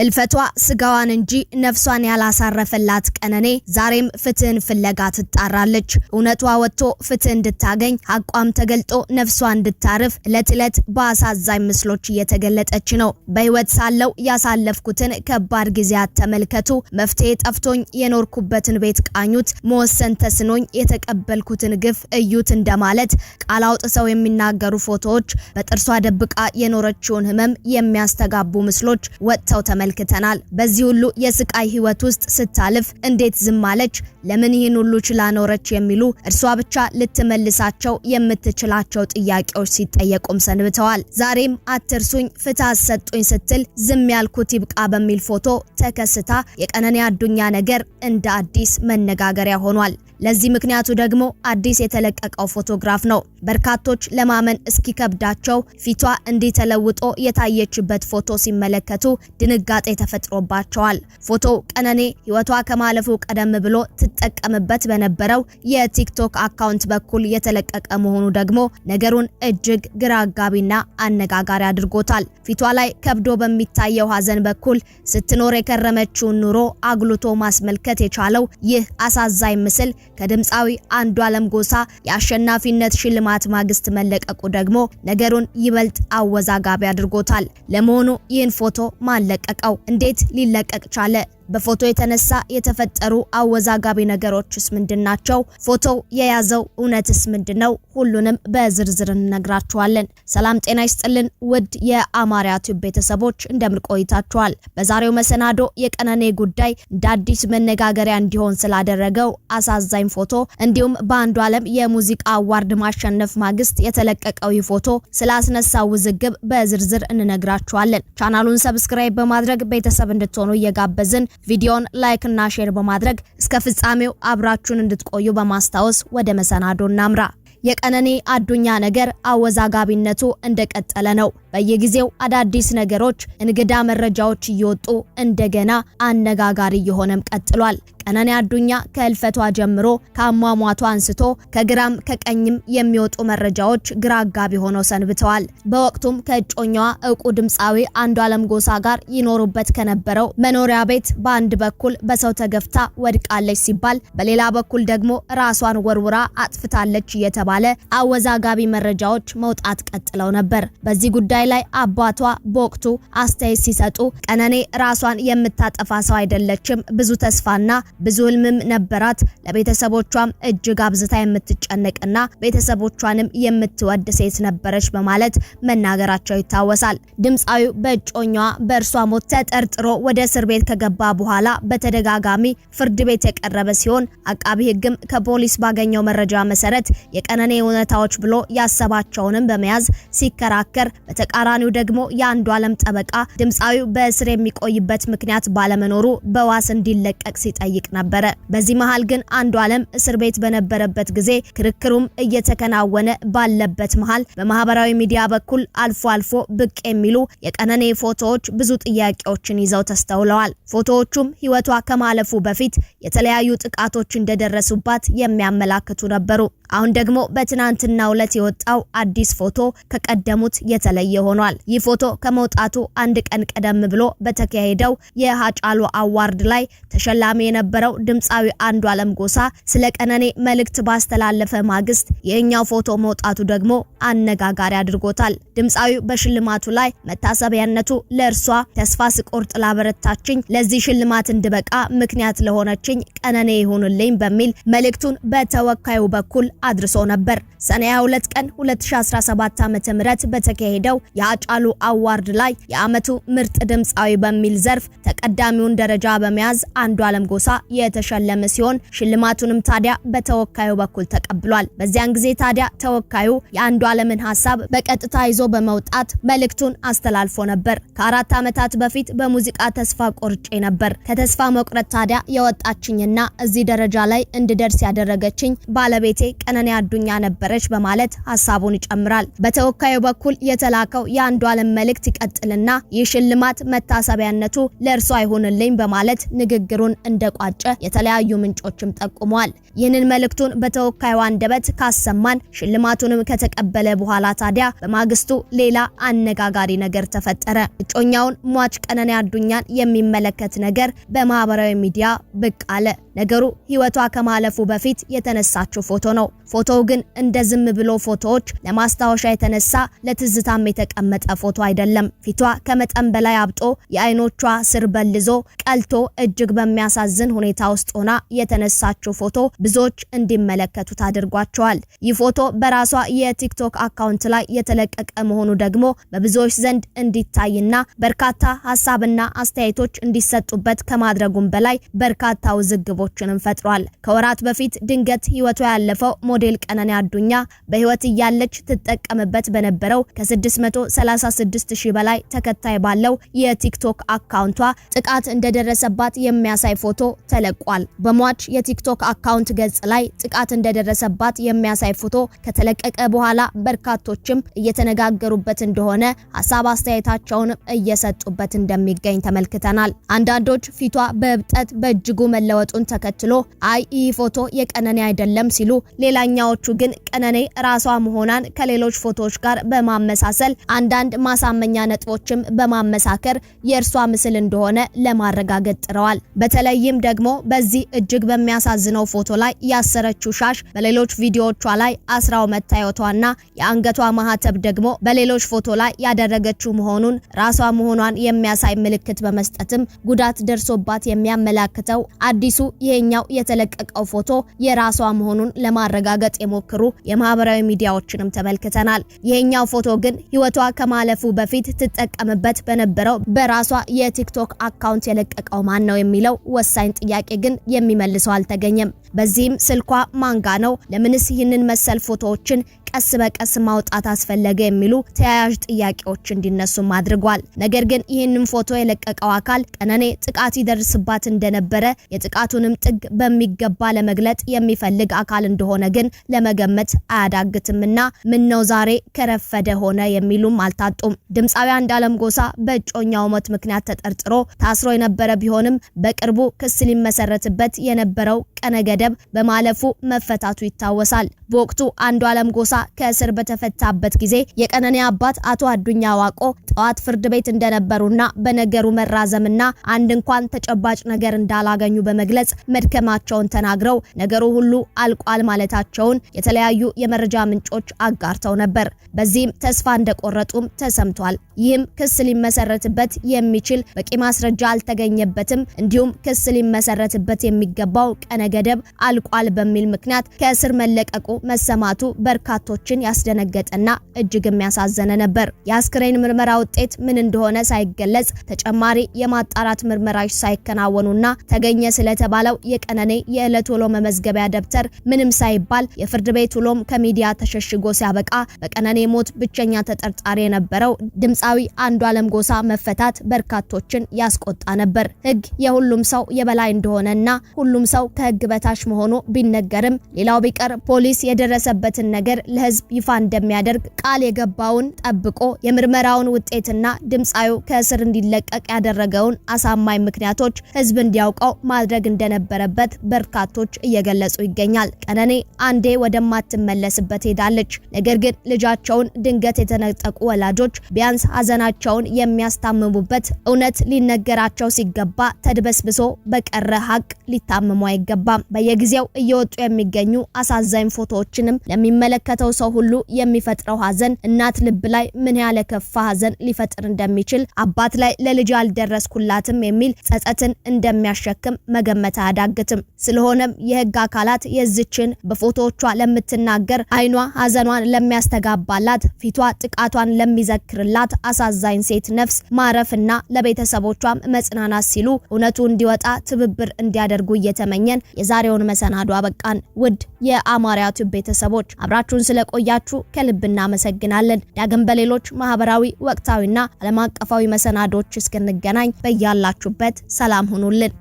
ህልፈቷ ስጋዋን እንጂ ነፍሷን ያላሳረፈላት ቀነኔ ዛሬም ፍትህን ፍለጋ ትጣራለች። እውነቷ ወጥቶ ፍትህ እንድታገኝ አቋም ተገልጦ ነፍሷ እንድታርፍ እለት እለት በአሳዛኝ ምስሎች እየተገለጠች ነው። በህይወት ሳለው ያሳለፍኩትን ከባድ ጊዜያት ተመልከቱ፣ መፍትሄ ጠፍቶኝ የኖርኩበትን ቤት ቃኙት፣ መወሰን ተስኖኝ የተቀበልኩትን ግፍ እዩት እንደማለት ቃል አውጥተው የሚናገሩ ፎቶዎች፣ በጥርሷ ደብቃ የኖረችውን ህመም የሚያስተጋቡ ምስሎች ወጥተው ተመልክተናል። በዚህ ሁሉ የስቃይ ህይወት ውስጥ ስታልፍ እንዴት ዝም አለች? ለምን ይህን ሁሉ ችላ ኖረች? የሚሉ እርሷ ብቻ ልትመልሳቸው የምትችላቸው ጥያቄዎች ሲጠየቁም ሰንብተዋል። ዛሬም አትርሱኝ፣ ፍትህ አሰጡኝ ስትል ዝም ያልኩት ይብቃ በሚል ፎቶ ተከስታ የቀነኒ አዱኛ ነገር እንደ አዲስ መነጋገሪያ ሆኗል። ለዚህ ምክንያቱ ደግሞ አዲስ የተለቀቀው ፎቶግራፍ ነው። በርካቶች ለማመን እስኪከብዳቸው ፊቷ እንዲህ ተለውጦ የታየችበት ፎቶ ሲመለከቱ ድንጋ ድንጋጤ ተፈጥሮባቸዋል። ፎቶ ቀነኔ ህይወቷ ከማለፉ ቀደም ብሎ ትጠቀምበት በነበረው የቲክቶክ አካውንት በኩል የተለቀቀ መሆኑ ደግሞ ነገሩን እጅግ ግራ አጋቢና አነጋጋሪ አድርጎታል። ፊቷ ላይ ከብዶ በሚታየው ሀዘን በኩል ስትኖር የከረመችውን ኑሮ አጉልቶ ማስመልከት የቻለው ይህ አሳዛኝ ምስል ከድምፃዊ አንዱ አለም ጎሳ የአሸናፊነት ሽልማት ማግስት መለቀቁ ደግሞ ነገሩን ይበልጥ አወዛጋቢ አድርጎታል። ለመሆኑ ይህን ፎቶ ማለቀቅ ያበቃው? እንዴት ሊለቀቅ ቻለ? በፎቶ የተነሳ የተፈጠሩ አወዛጋቢ ነገሮችስ ምንድን ናቸው? ፎቶው የያዘው እውነትስ ምንድን ነው? ሁሉንም በዝርዝር እንነግራችኋለን። ሰላም ጤና ይስጥልን ውድ የአማርያ ቲዩብ ቤተሰቦች እንደምን ቆይታችኋል? በዛሬው መሰናዶ የቀነኔ ጉዳይ እንደ አዲስ መነጋገሪያ እንዲሆን ስላደረገው አሳዛኝ ፎቶ እንዲሁም በአንዱ ዓለም የሙዚቃ አዋርድ ማሸነፍ ማግስት የተለቀቀው ይህ ፎቶ ስላስነሳው ውዝግብ በዝርዝር እንነግራችኋለን። ቻናሉን ሰብስክራይብ በማድረግ ቤተሰብ እንድትሆኑ እየጋበዝን ቪዲዮን ላይክ እና ሼር በማድረግ እስከ ፍጻሜው አብራችሁን እንድትቆዩ በማስታወስ ወደ መሰናዶ እናምራ። የቀነኔ አዱኛ ነገር አወዛጋቢነቱ እንደቀጠለ ነው። በየጊዜው አዳዲስ ነገሮች፣ እንግዳ መረጃዎች እየወጡ እንደገና አነጋጋሪ እየሆነም ቀጥሏል። ቀነኒ አዱኛ ከህልፈቷ ጀምሮ ከአሟሟቷ አንስቶ ከግራም ከቀኝም የሚወጡ መረጃዎች ግራ አጋቢ ሆነው ሰንብተዋል። በወቅቱም ከእጮኛዋ እውቁ ድምፃዊ አንዷለም ጎሳ ጋር ይኖሩበት ከነበረው መኖሪያ ቤት በአንድ በኩል በሰው ተገፍታ ወድቃለች ሲባል፣ በሌላ በኩል ደግሞ ራሷን ወርውራ አጥፍታለች እየተባለ አወዛጋቢ መረጃዎች መውጣት ቀጥለው ነበር። በዚህ ጉዳይ ላይ አባቷ በወቅቱ አስተያየት ሲሰጡ ቀነኔ ራሷን የምታጠፋ ሰው አይደለችም ብዙ ተስፋና ብዙ ህልምም ነበራት። ለቤተሰቦቿም እጅግ አብዝታ የምትጨነቅና ቤተሰቦቿንም የምትወድ ሴት ነበረች በማለት መናገራቸው ይታወሳል። ድምፃዊው በእጮኛዋ በእርሷ ሞት ተጠርጥሮ ወደ እስር ቤት ከገባ በኋላ በተደጋጋሚ ፍርድ ቤት የቀረበ ሲሆን አቃቢ ህግም ከፖሊስ ባገኘው መረጃ መሰረት የቀነኔ እውነታዎች ብሎ ያሰባቸውንም በመያዝ ሲከራከር፣ በተቃራኒው ደግሞ የአንዱ አለም ጠበቃ ድምፃዊው በእስር የሚቆይበት ምክንያት ባለመኖሩ በዋስ እንዲለቀቅ ሲጠይቅ ነበረ። በዚህ መሃል ግን አንዱ ዓለም እስር ቤት በነበረበት ጊዜ ክርክሩም እየተከናወነ ባለበት መሃል በማህበራዊ ሚዲያ በኩል አልፎ አልፎ ብቅ የሚሉ የቀነኔ ፎቶዎች ብዙ ጥያቄዎችን ይዘው ተስተውለዋል። ፎቶዎቹም ህይወቷ ከማለፉ በፊት የተለያዩ ጥቃቶች እንደደረሱባት የሚያመላክቱ ነበሩ። አሁን ደግሞ በትናንትና ዕለት የወጣው አዲስ ፎቶ ከቀደሙት የተለየ ሆኗል። ይህ ፎቶ ከመውጣቱ አንድ ቀን ቀደም ብሎ በተካሄደው የሃጫሎ አዋርድ ላይ ተሸላሚ የነበረው ድምፃዊ አንዱ አለም ጎሳ ስለ ቀነኔ መልእክት ባስተላለፈ ማግስት የእኛው ፎቶ መውጣቱ ደግሞ አነጋጋሪ አድርጎታል። ድምፃዊው በሽልማቱ ላይ መታሰቢያነቱ ለእርሷ ተስፋ ስቆርጥ ላበረታችኝ፣ ለዚህ ሽልማት እንድበቃ ምክንያት ለሆነችኝ ቀነኔ ይሁንልኝ በሚል መልእክቱን በተወካዩ በኩል አድርሶ ነበር። ሰኔ 22 ቀን 2017 ዓ.ም በተካሄደው የአጫሉ አዋርድ ላይ የዓመቱ ምርጥ ድምፃዊ በሚል ዘርፍ ተቀዳሚውን ደረጃ በመያዝ አንዱ አለም ጎሳ የተሸለመ ሲሆን ሽልማቱንም ታዲያ በተወካዩ በኩል ተቀብሏል። በዚያን ጊዜ ታዲያ ተወካዩ የአንዱ አለምን ሀሳብ በቀጥታ ይዞ በመውጣት መልእክቱን አስተላልፎ ነበር። ከአራት ዓመታት በፊት በሙዚቃ ተስፋ ቆርጬ ነበር። ከተስፋ መቁረጥ ታዲያ የወጣችኝና እዚህ ደረጃ ላይ እንድደርስ ያደረገችኝ ባለቤቴ ቀነኔ አዱኛ ነበረች በማለት ሀሳቡን ይጨምራል። በተወካዩ በኩል የተላከው የአንዱ ዓለም መልእክት ይቀጥልና ይህ ሽልማት መታሰቢያነቱ ለእርሱ አይሆንልኝ በማለት ንግግሩን እንደቋጨ የተለያዩ ምንጮችም ጠቁመዋል። ይህንን መልእክቱን በተወካዩ አንደበት ካሰማን ሽልማቱንም ከተቀበለ በኋላ ታዲያ በማግስቱ ሌላ አነጋጋሪ ነገር ተፈጠረ። እጮኛውን ሟች ቀነኔ አዱኛን የሚመለከት ነገር በማህበራዊ ሚዲያ ብቅ አለ። ነገሩ ህይወቷ ከማለፉ በፊት የተነሳችው ፎቶ ነው። ፎቶው ግን እንደ ዝም ብሎ ፎቶዎች ለማስታወሻ የተነሳ ለትዝታም የተቀመጠ ፎቶ አይደለም። ፊቷ ከመጠን በላይ አብጦ የአይኖቿ ስር በልዞ ቀልቶ እጅግ በሚያሳዝን ሁኔታ ውስጥ ሆና የተነሳችው ፎቶ ብዙዎች እንዲመለከቱት አድርጓቸዋል። ይህ ፎቶ በራሷ የቲክቶክ አካውንት ላይ የተለቀቀ መሆኑ ደግሞ በብዙዎች ዘንድ እንዲታይና በርካታ ሀሳብና አስተያየቶች እንዲሰጡበት ከማድረጉም በላይ በርካታ ውዝግቦችንም ፈጥሯል። ከወራት በፊት ድንገት ህይወቷ ያለፈው ሞዴል ቀነኔ አዱኛ በህይወት እያለች ትጠቀምበት በነበረው ከ636 ሺህ በላይ ተከታይ ባለው የቲክቶክ አካውንቷ ጥቃት እንደደረሰባት የሚያሳይ ፎቶ ተለቋል። በሟች የቲክቶክ አካውንት ገጽ ላይ ጥቃት እንደደረሰባት የሚያሳይ ፎቶ ከተለቀቀ በኋላ በርካቶችም እየተነጋገሩበት እንደሆነ ሀሳብ አስተያየታቸውን እየሰጡበት እንደሚገኝ ተመልክተናል። አንዳንዶች ፊቷ በእብጠት በእጅጉ መለወጡን ተከትሎ አይ ይህ ፎቶ የቀነኔ አይደለም ሲሉ፣ ሌላኛዎቹ ግን ቀነኔ ራሷ መሆኗን ከሌሎች ፎቶዎች ጋር በማመሳሰል አንዳንድ ማሳመኛ ነጥቦችም በማመሳከር የእርሷ ምስል እንደሆነ ለማረጋገጥ ጥረዋል። በተለይም ደግሞ በዚህ እጅግ በሚያሳዝነው ፎቶ ላይ ያሰረችው ሻሽ በሌሎች ቪዲዮዎቿ ላይ አስራው መታየቷና የአንገቷ ማህተብ ደግሞ በሌሎች ፎቶ ላይ ያደረገችው መሆኑን ራሷ መሆኗን የሚያሳይ ምልክት በመስጠትም ጉዳት ደርሶባት የሚያመላክተው አዲሱ ይሄኛው የተለቀቀው ፎቶ የራሷ መሆኑን ለማረጋ ለማረጋገጥ የሞክሩ የማህበራዊ ሚዲያዎችንም ተመልክተናል። ይሄኛው ፎቶ ግን ህይወቷ ከማለፉ በፊት ትጠቀምበት በነበረው በራሷ የቲክቶክ አካውንት የለቀቀው ማን ነው የሚለው ወሳኝ ጥያቄ ግን የሚመልሰው አልተገኘም። በዚህም ስልኳ ማንጋ ነው? ለምንስ ይህንን መሰል ፎቶዎችን ቀስ በቀስ ማውጣት አስፈለገ የሚሉ ተያያዥ ጥያቄዎች እንዲነሱም አድርጓል። ነገር ግን ይህንን ፎቶ የለቀቀው አካል ቀነኔ ጥቃት ይደርስባት እንደነበረ የጥቃቱንም ጥግ በሚገባ ለመግለጥ የሚፈልግ አካል እንደሆነ ግን ለመገመት አያዳግትምና ምን ነው ዛሬ ከረፈደ ሆነ የሚሉም አልታጡም። ድምፃዊ አንዱዓለም ጎሳ በእጮኛው ሞት ምክንያት ተጠርጥሮ ታስሮ የነበረ ቢሆንም በቅርቡ ክስ ሊመሰረትበት የነበረው ቀነ ገደብ በማለፉ መፈታቱ ይታወሳል። በወቅቱ አንዱ አለም ጎሳ ከእስር በተፈታበት ጊዜ የቀነኔ አባት አቶ አዱኛ ዋቆ ጠዋት ፍርድ ቤት እንደነበሩና በነገሩ መራዘምና አንድ እንኳን ተጨባጭ ነገር እንዳላገኙ በመግለጽ መድከማቸውን ተናግረው ነገሩ ሁሉ አልቋል ማለታቸውን የተለያዩ የመረጃ ምንጮች አጋርተው ነበር። በዚህም ተስፋ እንደቆረጡም ተሰምቷል። ይህም ክስ ሊመሰረትበት የሚችል በቂ ማስረጃ አልተገኘበትም፣ እንዲሁም ክስ ሊመሰረትበት የሚገባው ቀነ ገደብ አልቋል በሚል ምክንያት ከእስር መለቀቁ መሰማቱ በርካቶችን ያስደነገጠና እጅግ የሚያሳዘነ ነበር። የአስክሬን ምርመራ ውጤት ምን እንደሆነ ሳይገለጽ ተጨማሪ የማጣራት ምርመራዎች ሳይከናወኑና ተገኘ ስለተባለው የቀነኔ የዕለት ውሎ መመዝገቢያ ደብተር ምንም ሳይባል የፍርድ ቤት ውሎም ከሚዲያ ተሸሽጎ ሲያበቃ በቀነኔ ሞት ብቸኛ ተጠርጣሪ የነበረው ድምፃዊ አንዷለም ጎሳ መፈታት በርካቶችን ያስቆጣ ነበር። ሕግ የሁሉም ሰው የበላይ እንደሆነና ሁሉም ሰው ከሕግ ከህግ በታች መሆኑ ቢነገርም ሌላው ቢቀር ፖሊስ የደረሰበትን ነገር ለህዝብ ይፋ እንደሚያደርግ ቃል የገባውን ጠብቆ የምርመራውን ውጤትና ድምፃዩ ከእስር እንዲለቀቅ ያደረገውን አሳማኝ ምክንያቶች ህዝብ እንዲያውቀው ማድረግ እንደነበረበት በርካቶች እየገለጹ ይገኛል። ቀነኔ አንዴ ወደማትመለስበት ሄዳለች። ነገር ግን ልጃቸውን ድንገት የተነጠቁ ወላጆች ቢያንስ ሀዘናቸውን የሚያስታምሙበት እውነት ሊነገራቸው ሲገባ ተድበስብሶ በቀረ ሀቅ ሊታምሙ አይገባም። አይገባም። በየጊዜው እየወጡ የሚገኙ አሳዛኝ ፎቶዎችንም ለሚመለከተው ሰው ሁሉ የሚፈጥረው ሀዘን እናት ልብ ላይ ምን ያለ ከፋ ሀዘን ሊፈጥር እንደሚችል፣ አባት ላይ ለልጅ አልደረስኩላትም የሚል ጸጸትን እንደሚያሸክም መገመት አያዳግትም። ስለሆነም የህግ አካላት የዝችን በፎቶዎቿ ለምትናገር አይኗ ሀዘኗን ለሚያስተጋባላት፣ ፊቷ ጥቃቷን ለሚዘክርላት አሳዛኝ ሴት ነፍስ ማረፍና ለቤተሰቦቿም መጽናናት ሲሉ እውነቱ እንዲወጣ ትብብር እንዲያደርጉ እየተመኘን የዛሬውን መሰናዶ አበቃን። ውድ የአማርያ ቱብ ቤተሰቦች አብራችሁን ስለቆያችሁ ከልብ እናመሰግናለን። ዳግም በሌሎች ማህበራዊ ወቅታዊና ዓለም አቀፋዊ መሰናዶዎች እስክንገናኝ በያላችሁበት ሰላም ሁኑልን።